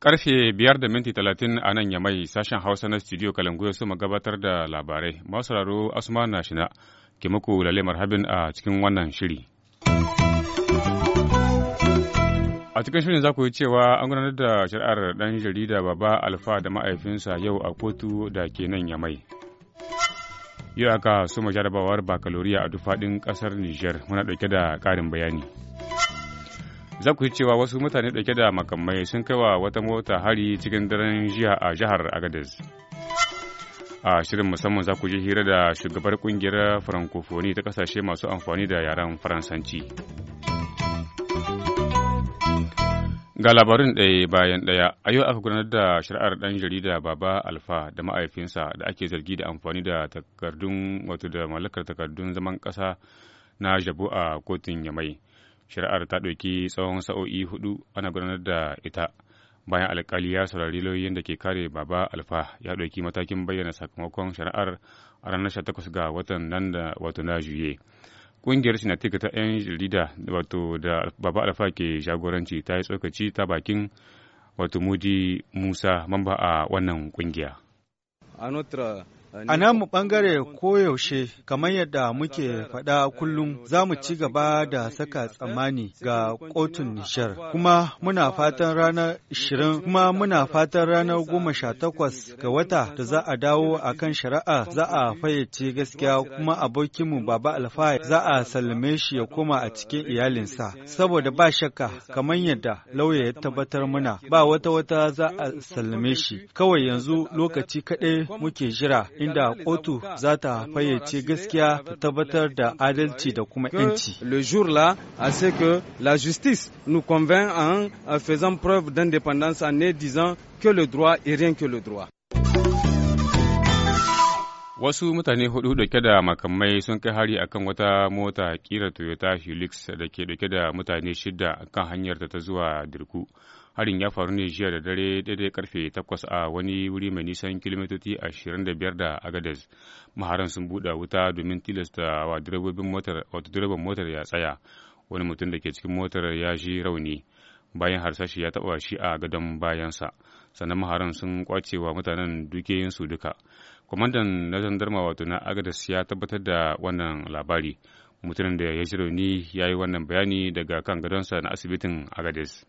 Karfe biyar da minti talatin a nan yamai sashen Hausa na studio Kalangu ya suma gabatar da labarai. Masu raro Asuma na shina ke muku lalle marhabin a cikin wannan shiri. A cikin shirin za ku yi cewa an gudanar da shari'ar ɗan jarida Baba Alfa da ma'aifinsa yau a kotu da ke nan Yamai. Yau aka ma jarabawar bakaloriya a dufaɗin ƙasar Nijar muna ɗauke da ƙarin bayani. Za ku yi cewa wasu mutane ɗauke da makamai sun kai wa wata mota hari cikin daren jiya a jihar Agadez. A shirin musamman za ku ji hira da shugabar ƙungiyar Francophonie ta ƙasashe masu amfani da yaren Faransanci. Ga labarin ɗaya bayan ɗaya, a yau aka gudanar da shari'ar ɗan jarida Baba Alfa da ma'aifinsa da ake zargi da amfani da takardun wato da mallakar takardun zaman ƙasa na Jabu a kotun Yamai. Shari'ar ta ɗauki tsawon sa'o'i hudu ana gudanar da ita. Bayan alkali ya saurari lauyoyin da ke kare Baba Alfa ya ɗauki matakin bayyana sakamakon shari'ar a ranar 18 ga watan nan da wato na Juye. Ƙungiyar Sinatik ta 'yan jarida wato da Baba Alfa ke jagoranci ta yi tsokaci ta bakin wato Mudi Musa mamba a wannan ƙungiya. A namu ɓangare koyaushe, kamar yadda muke faɗa kullum, za mu ci gaba da saka tsammani ga kotun Nishar. Kuma muna fatan ranar 20, kuma muna fatan ranar 18 ga wata da za a dawo a kan shari'a za a fayyace gaskiya kuma abokinmu Baba Alfa za a sallame shi ya koma a cikin iyalinsa. Saboda ba shakka, kamar yadda lauya ya tabbatar muna, ba wata wata za a sallame shi. Kawai yanzu lokaci kaɗai muke jira. inda kotu za ta fayyace gaskiya ta tabbatar da adalci da kuma yanci. Le jour là, à ce que la justice nous convainc en faisant preuve d'indépendance en disant que le droit et rien que le droit. Wasu mutane hudu dauke da makamai sun kai hari a kan wata mota kira Toyota Hilux da ke dauke da mutane shida kan hanyar ta zuwa Dirku. harin ya faru ne jiya da dare daidai karfe 8 a wani wuri mai nisan kilomitoci 25 da agadez maharan sun buɗe wuta domin tilasta wa direbobin motar wato direban motar ya tsaya wani mutum da ke cikin motar ya ji rauni bayan harsashi ya taɓa shi a gadon bayansa sannan maharan sun kwace wa mutanen dukiyoyinsu duka kwamandan na zandarma wato na agadas ya tabbatar da wannan labari mutumin da ya ji rauni ya yi wannan bayani daga kan gadonsa na asibitin agadas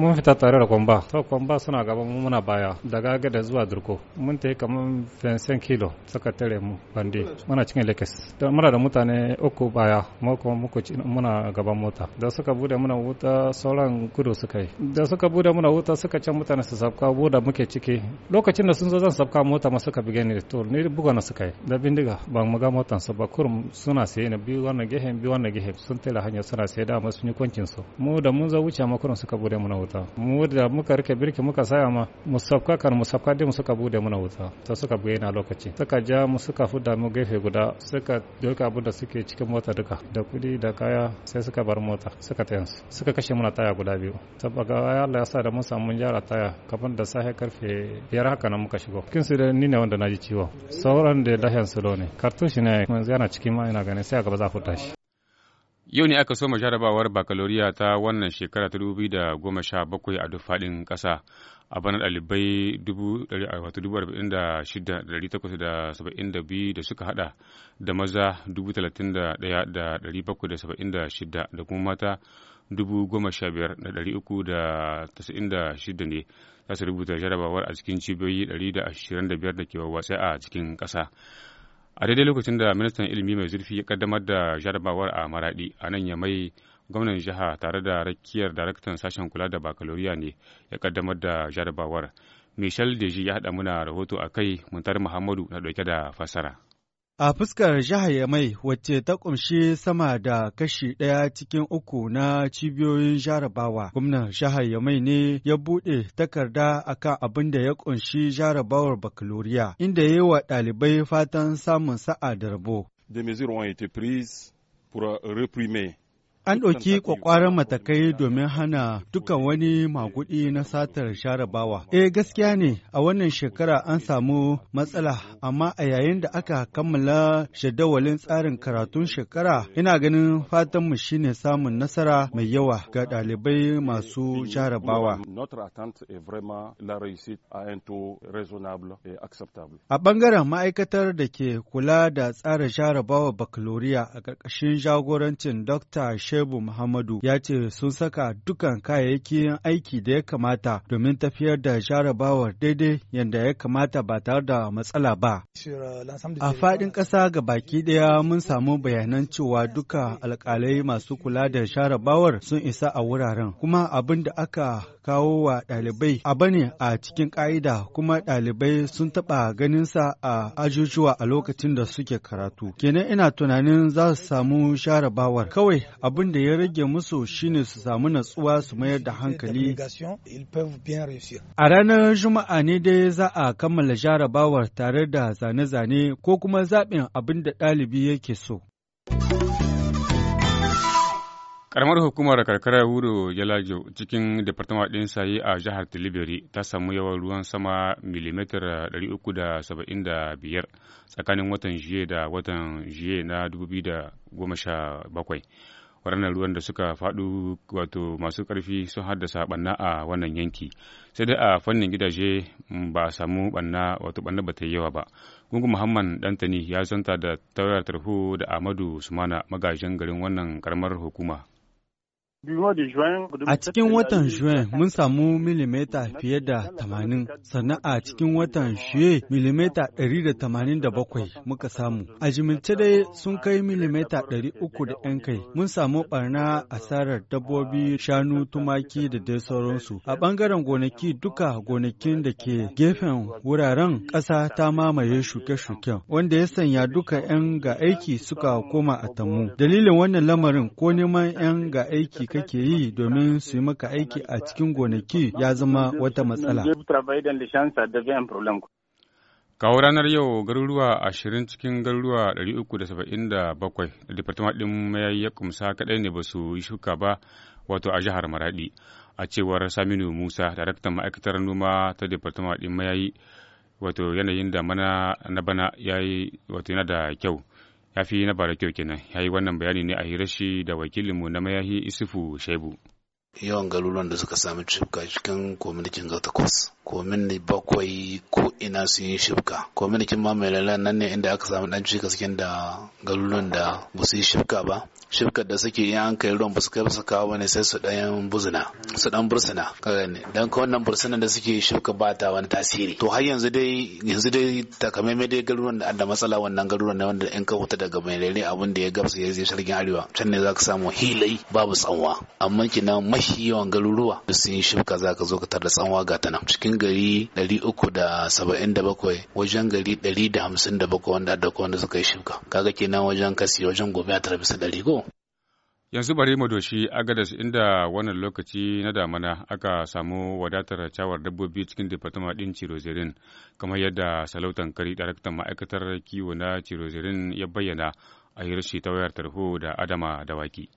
mun fita tare da kwamba to kwamba suna gaba mu muna baya daga gada zuwa durko mun tayi kamar fensen kilo suka tare mu bande muna cikin lekes don muna da mutane uku baya mu kuma muku muna gaban mota da suka bude muna wuta sauran gudu suka yi da suka bude muna wuta suka can mutane su sabka boda muke ciki lokacin da sun zo zan sabka mota ma suka bige ni to ni buga na suka yi da bindiga ban mu ga motan su ba kurum suna sai na biyu wannan gehen biyu wannan gehen sun tare hanya suna sai da amma sun yi kwancin su mu da mun zo wuce ma kurum suka bude muna wuta wuta mu da muka rike birki muka saya ma musafka kar musafka dai suka bude muna wuta ta suka buye na lokaci suka ja mu suka fuda mu gefe guda suka doka abin da suke cikin mota duka da kudi da kaya sai suka bar mota suka tayan suka kashe muna taya guda biyu saboda Allah ya sa da mun samu jara taya kafin da sahe karfe biyar haka nan muka shigo kin su da ni ne wanda naji ciwo sauran da lahiyan su ne kartushi ne yanzu yana cikin ma ina ganin sai a gaba za ku tashi Yau ne aka soma jarabawar bakaloriya ta wannan shekara ta dubu da goma sha bakwai a duk faɗin ƙasa. A bana ɗalibai dubu arba'in da shida da takwas da saba'in da biyu da suka hada da maza dubu talatin da ɗaya da ɗari bakwai da saba'in da shida da kuma mata dubu goma sha biyar da ɗari uku da tasa'in da shida ne za su rubuta jarabawar a cikin cibiyoyi ɗari da ashirin da biyar da ke wawwatsa a cikin ƙasa. a daidai lokacin da ministan ilimi mai zurfi ya kaddamar da jarabawar a maradi a nan ya mai gwamnan jiha tare da rakiyar daraktan sashen kula da bakaloriya ne ya kaddamar da jarabawar michel deji ya haɗa muna rahoto a kai muntar muhammadu na ɗauke da fasara A fuskar jihar Yamai, wacce ta ƙunshi sama da kashi ɗaya cikin uku na cibiyoyin jarabawa, gwamnan jihar Yamai ne ya buɗe takarda akan abin da ya ƙunshi jarabawar bakaloriya, inda ya yi wa ɗalibai fatan samun sa'a da rabo. An ɗauki ƙwaƙwaran matakai domin hana dukan wani maguɗi na satar sharabawa. Eh gaskiya ne a wannan shekara an samu matsala amma a yayin da aka kammala jadawalin tsarin karatun shekara ina ganin fatan mu shine samun nasara mai yawa ga ɗalibai masu jarabawa. A ɓangaren ma'aikatar da ke kula da tsara jarabawa bakaloriya a ƙarƙashin jagorancin Dr. Shehu Shehu Muhammadu ya ce sun saka dukkan kayayyakin aiki da ya kamata domin tafiyar da jarabawar daidai yadda ya kamata ba tare da matsala ba. A faɗin ƙasa ga baki ɗaya mun samu bayanan cewa duka alƙalai masu kula da jarabawar sun isa a wuraren kuma abin da aka kawo wa ɗalibai a bane a cikin ƙa'ida kuma ɗalibai sun taɓa ganinsa a ajujuwa a lokacin da suke karatu. Kenan ina tunanin za su samu jarabawar kawai abin da ya rage musu shine su samu natsuwa su mayar da hankali. A ranar Juma'a ne dai za a kammala jarabawar tare da zane-zane ko kuma zaɓin abin da ɗalibi yake so. Karamar hukumar karkarar Wuro Jalajo cikin departement ɗin saye a jihar Tilibiri ta samu yawan ruwan sama milimetar 375 tsakanin watan jiye da watan jiye na 2017. waɗannan ruwan da suka faɗu wato masu ƙarfi sun haddasa ɓanna a wannan yanki sai dai a fannin gidaje mm, ba a samu ɓanna wato ɓanna ba ta yi yawa ba gungu muhammad dantani ya zanta da taurar tarho da amadu sumana magajin garin wannan karamar hukuma A cikin watan Juin mun samu milimeta fiye da tamanin, sannan a cikin watan Juye milimeta ɗari da tamanin da bakwai muka samu. A jimilce dai sun kai milimeta ɗari uku da ‘yan kai. Mun samu ɓarna asarar dabbobi, shanu, tumaki da dai sauransu. A ɓangaren gonaki duka gonakin da ke gefen wuraren ƙasa ta mamaye shuke-shuken, wanda ya sanya duka ‘yan ga aiki suka koma a tamu. Dalilin wannan lamarin ko neman ‘yan ga aiki kake yi domin su yi maka aiki a cikin gonaki ya zama wata matsala. Kawo ranar yau garuruwa ashirin cikin garuruwa 377 da Departement ɗin mayayi ya kumsa kaɗai ne ba su yi shuka ba wato a jihar Maradi. A cewar Saminu Musa, daraktan ma'aikatar noma ta Departement ɗin mayayi wato yanayin da mana na bana ya yi wato yana da kyau. ya fi na bara kyau kenan ya yi wannan bayani ne a hirar shi da wakilinmu na mayahi isufu shaibu yawan garuruwan da suka sami shifka cikin kwamitin ga takwas komin bakwai ko ina sun yi shifka kwamitin ma mai nan ne inda aka samu dan cika cikin da garuruwan da ba su yi shifka ba shifkar da suke yi an kai ruwan ba su kai ba su kawo ne sai su dan buzina su dan bursuna kaga ne dan ka wannan bursuna da suke shifka ba ta wani tasiri to har yanzu dai yanzu dai takamaimai dai garuruwan da da matsala wannan garuruwan ne wanda in ka huta daga mai abin da ya gabsa ya zai shirgin arewa can ne za ka samu hilai babu tsanwa amma kina mai mashi yawan garuruwa da sun yi shifka za ka zo ka tarda da tsanwa ga ta nan cikin gari 377 wajen gari 157 wanda da wanda suka yi shifka kaga kenan wajen kasi wajen gobe a tara bisa dari ko yanzu bari mu doshi agadas inda wannan lokaci na damana aka samu wadatar cawar dabbobi cikin departama din cirozerin kamar yadda salautan kari daraktan ma'aikatar kiwo na cirozerin ya bayyana a hirshi ta wayar tarho da adama dawaki.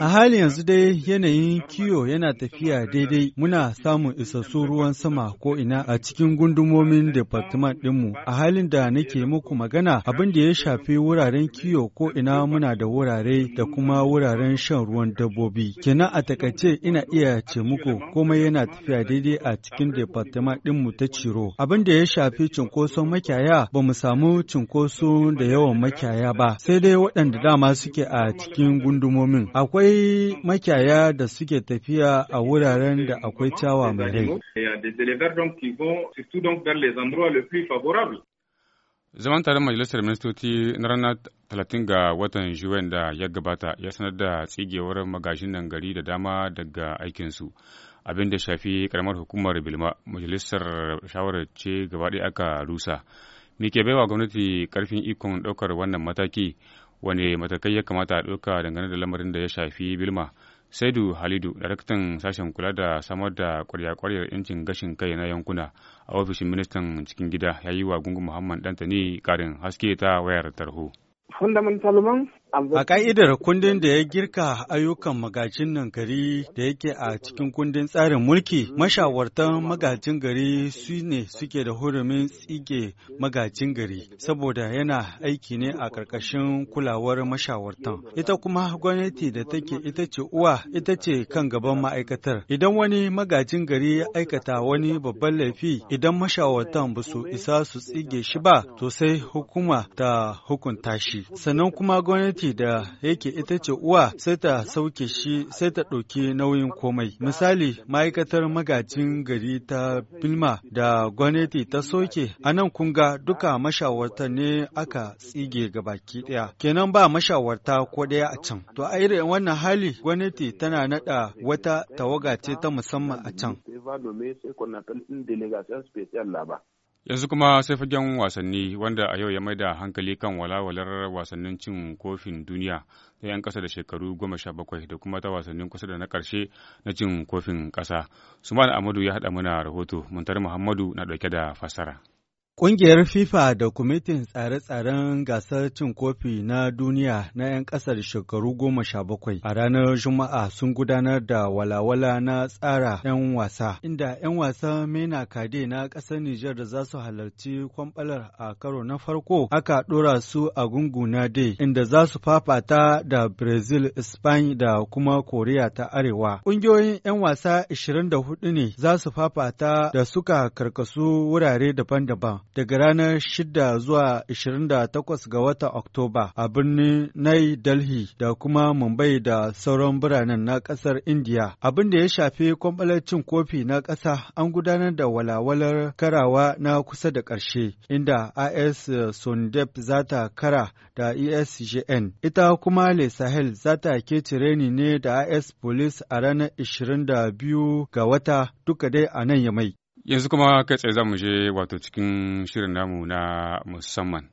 A halin yanzu dai yanayin kiwo yana tafiya daidai muna samun isassun ruwan sama ko ina a cikin gundumomin department ɗinmu. A halin da nake muku magana abin da ya shafi wuraren kiwo ko ina muna da wurare da kuma wuraren shan ruwan dabbobi. Kenan a takaice ina iya ce muku komai yana tafiya daidai a cikin department ɗinmu ta Ciro. Abin da ya shafi cinkoson makiyaya ba mu samu cinkoso da yawan makiyaya ba sai dai waɗanda dama suke a cikin gundumomin akwai makiyaya da suke tafiya a wuraren da akwai ciyawa mai rai. Zaman taron Majalisar Ministoci na ranar 30 ga watan Juwen da ya gabata ya sanar da tsigewar magajin nan gari da dama daga aikinsu. Abin da shafi karamar hukumar Bilma, Majalisar shawarar ce gaba aka rusa. Me ke baiwa gwamnati karfin ikon ɗaukar wannan mataki? wane matakai ya kamata a ɗauka dangane da lamarin da ya shafi bilma saidu halidu daraktan sashen kula da samar da kwarya-kwaryar yancin gashin kai na yankuna a ofishin ministan cikin gida ya yi wa gungun muhammad dantani karin haske ta wayar tarho fundamental A ƙa'idar kundin da ya girka ayyukan magajin nan gari da yake a cikin kundin tsarin mulki, hmm. mashawartan magajin gari su ne suke da hurumin tsige magajin gari, saboda yana aiki ne a ƙarƙashin kulawar mashawartan. Ita kuma gwamnati da take ita ce uwa ita ce kan gaban ma'aikatar. Idan wani magajin gari ya aikata wani babban laifi, idan mashawartan ba su isa su tsige shi ba, to sai hukuma ta hukunta shi. Sannan kuma gwamnati yake da yake ita ce uwa sai ta sauke shi sai ta ɗauki nauyin komai. Misali, ma'aikatar magajin gari ta Bilma da gwamnati ta soke, a nan kunga duka mashawarta ne aka tsige gabaki ɗaya. Kenan ba mashawarta ko ɗaya a can. To a irin wannan hali gwamnati tana naɗa wata tawaga ce ta musamman a can. Yanzu kuma sai fagen wasanni wanda a yau ya maida hankali kan walawalar wasannin cin kofin duniya ta 'yan ƙasa da shekaru goma sha bakwai da kuma ta wasannin kusa da na ƙarshe na cin kofin ƙasa. Suman Amadu ya haɗa mana rahoto, Muntar Muhammadu na ɗauke da fassara. Ƙungiyar FIFA da kwamitin tsare-tsaren gasar cin kofi na duniya na 'yan ƙasar shekaru goma sha bakwai a ranar Juma'a sun gudanar da walawala na tsara 'yan wasa, inda 'yan wasa Mena Kade na ƙasar Nijar da za su halarci kwamfalar a karo na farko aka ɗora su a gungu na dai, inda za su fafata da Brazil, Spain da kuma Koriya ta Arewa. Ƙungiyoyin 'yan wasa 24 ne za su fafata da suka karkasu wurare daban-daban. daga ranar 6 zuwa 28 ga watan Oktoba a birnin Nai Delhi da kuma Mumbai da sauran biranen na ƙasar India, Abin da ya shafi kwamɓalar cin kofi na ƙasa an gudanar da walawalar karawa na kusa da ƙarshe, inda IS Sundep za ta kara da ESGN. Ita kuma Le Sahel za ta kece reni ne da IS Police a ranar 22 ga wata duka dai a nan ya mai. Yanzu kuma kai tsaye za mu je wato cikin shirin namu na musamman.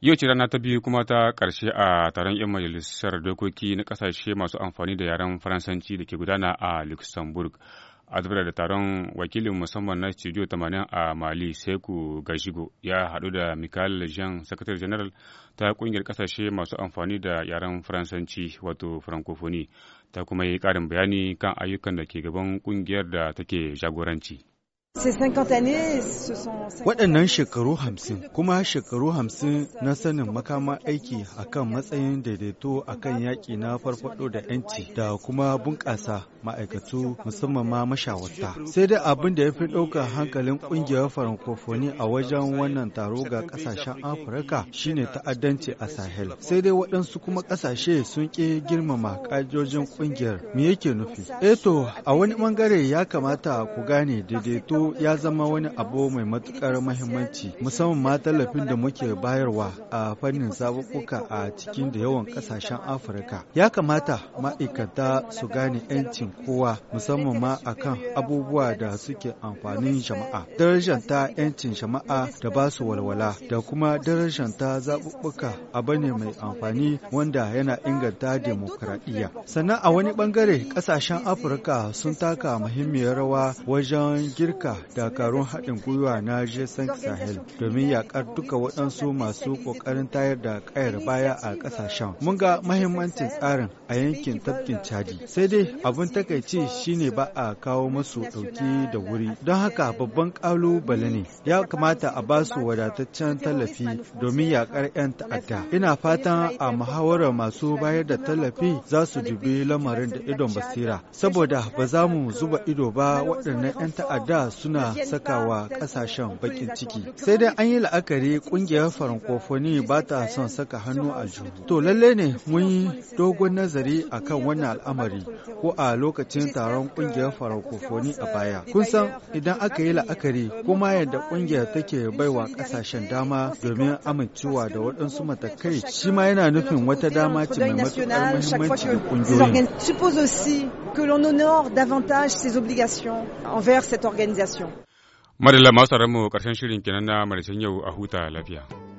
Yau ce rana ta biyu kuma ta karshe a taron 'yan majalisar dokoki na kasashe masu amfani da yaren Faransanci da ke gudana a Luxembourg. A zubar da taron wakilin musamman na Studio 80 a Mali Seku Gashigo ya haɗu da Michael Jean, Sakatare General ta ƙungiyar kasashe masu amfani da yaren Faransanci wato Francophonie ta kuma yi ƙarin bayani kan ayyukan da ke gaban ƙungiyar da take jagoranci. Waɗannan shekaru hamsin kuma shekaru hamsin na sanin makama aiki akan matsayin daidaito akan yaƙi na farfaɗo da 'yanci da kuma bunƙasa ma'aikatu musamman ma mashawarta. Sai dai abin da ya fi ɗaukar hankalin ƙungiyar farankofoni a wajen wannan taro ga ƙasashen Afirka shine ta'addanci a Sahel. Sai dai waɗansu kuma ƙasashe sun ƙi girmama ƙa'idojin ƙungiyar. Me yake nufi? Eto, eh a wani ɓangare ya kamata ku gane daidaito ya zama wani abu mai matukar mahimmanci musamman ma tallafin da muke bayarwa a fannin zaɓuɓɓuka a cikin da yawan ƙasashen Afirka. Ya kamata ma'aikata su gane 'yancin kowa musamman ma akan abubuwa da suke amfanin jama'a. ta 'yancin jama'a da ba su walwala da kuma ta zaɓuɓɓuka abu ne mai amfani wanda yana inganta demokradiyya. Sannan a wani bangare ƙasashen Afirka sun taka muhimmiyar rawa wajen girka dakarun haɗin gwiwa na jason sahel domin yaƙar duka waɗansu masu ƙoƙarin tayar da ƙayar baya a ƙasashen mun ga mahimmancin tsarin a yankin tafkin chadi sai dai abin takaici shine ba a kawo masu ɗauki da wuri don haka babban ƙalubale ne ya kamata a ba su wadataccen tallafi domin yaƙar 'yan ta'adda ina fatan a muhawarar masu bayar da tallafi za su dubi lamarin da idon basira saboda ba za mu zuba ido ba waɗannan 'yan ta'adda su suna sakawa kasashen bakin ciki. Sai dai an yi la'akari ƙungiyar farankofoni ba ta son saka hannu a juru. To lalle ne mun yi dogon nazari a kan wannan al'amari ko a lokacin taron ƙungiyar farankofoni a baya. Kun san idan aka yi la'akari kuma yadda ƙungiyar take baiwa kasashen dama domin amincewa da waɗansu matakai shi ma yana nufin wata dama ce mai matuƙar muhimmanci ga ƙungiyoyin. suppose aussi que l'on honore davantage ses obligations envers cette organisation. applications. Madalla masu mu karshen shirin kenan na maricin yau a huta lafiya.